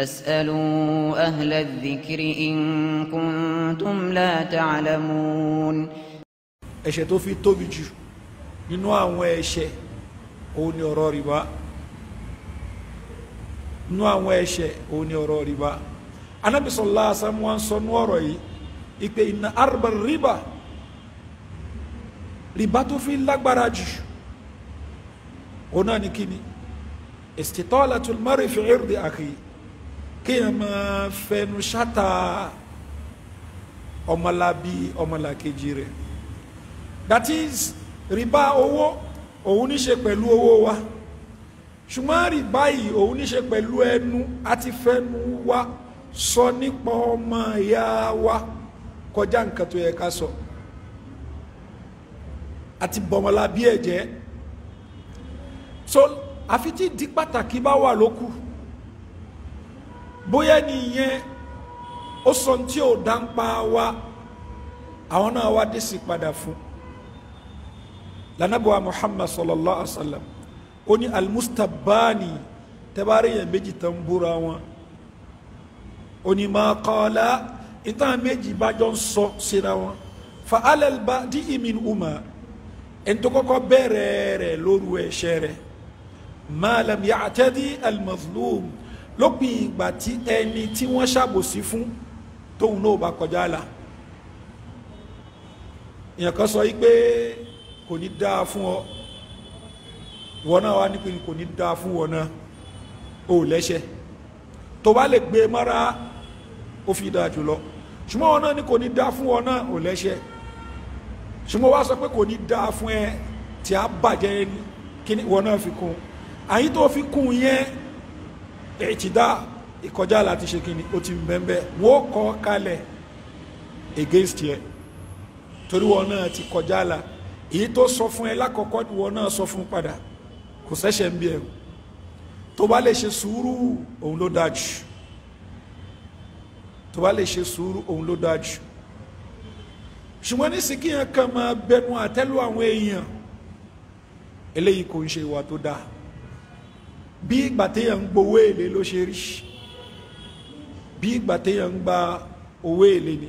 فاسألوا أهل الذكر إن كنتم لا تعلمون ẹ̀ṣẹ̀ tó fi tóbi jù nínú àwọn ẹ̀ṣẹ̀ òun ni ọ̀rọ̀ rìbá nínú àwọn ẹ̀ṣẹ̀ òun ni ọ̀rọ̀ rìbá Ànábì sallallahu alaihi wasallam wọ́n sọ nú ọ̀rọ̀ yìí ìpè inna arba rìbá rìbá tó fi lágbára jù òun náà ni kíni istitalatul mar'i fi irdi akhi kéèyàn máa fẹnu ṣáta ọmọlábí ọmọlàkejì rẹ̀ that is rìbá owó òun ní ṣe pẹ̀lú owó wa ṣùgbọ́n rìbá yìí òun ní pẹ̀lú ẹnu àti fẹnu wa sọ nípa ọmọ ìyá wa kọjá nǹkan tó yẹ ká sọ àti bọ̀mọ̀lábí ẹ̀jẹ̀ so àfi tí di pàtàkì bá wà lókù bóyá nìyẹn ó sọ ní tí ò dáńpá wa àwọn náà wá dé sí padà fún lànàbọ̀wá Muhammad sallallahu alaihi wa sallam ó ní almustabani tẹ́bárí yẹn méjì tán búra wọn ó ní máa qala ìtàn méjì bá jọ ń sọ síra wọn fa alẹ́lba di imin uma ẹ̀ńtọ́kọ́kọ́ bẹ̀rẹ̀ rẹ̀ lóru ẹ̀ṣẹ̀ rẹ̀ ma lam ya'tadi al lópin ìgbà tí ẹni tí wọ́n ṣàbòsí fún tóun náà bá kọjá la èèyàn kan sọ yí pé kò ní dáa fún ọ ìwọ náà wá nípìn kò ní dáa fún ọ náà o ò lẹ́sẹ̀ tó bá lè gbé e mọ́ra ó fi dáa jùlọ ṣùgbọ́n ọ náà ni kò ní dáa fún ọ náà ò lẹ́sẹ̀ ṣùgbọ́n wá sọ pé kò ní dáa fún ẹ tí a bàjẹ́ kíní ìwọ náà fi kún àyín fi kún yẹn ẹ̀tìdá ìkọjá láti ṣe kí ni ó ti bẹ́ẹ̀ wọ́n kọ́ kalẹ̀ against yẹ torí wọn náà ti kọjá la èyí tó sọ fún ẹ lákọ̀ọ́kọ́ ni wọn náà sọ fún padà kò sẹ́sẹ̀ ń bí ẹ o tó bá lè ṣe sùúrù òun ló dáa jù tó bá lè ṣe sùúrù òun ló dáa jù ṣùgbọ́n ní sìkìyàn kan máa bẹnu àtẹ́lu àwọn èèyàn eléyìí kò ń ṣe ìwà tó dáa. bí ìgbà téèyàn ń gbowó èlé ló ṣe rí bí ìgbà téèyàn ń gba owó èlé ni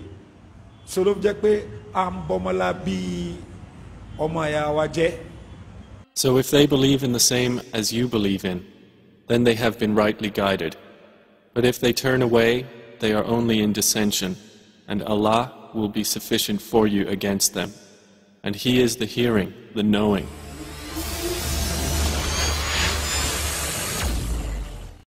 so jẹ́ pé à ń bọmọlá bí ọmọ ẹ̀yà wa jẹ́. So if they believe in the same as you believe in, then they have been rightly guided. But if they turn away, they are only in dissension, and Allah will be sufficient for you against them. And He is the hearing, the knowing.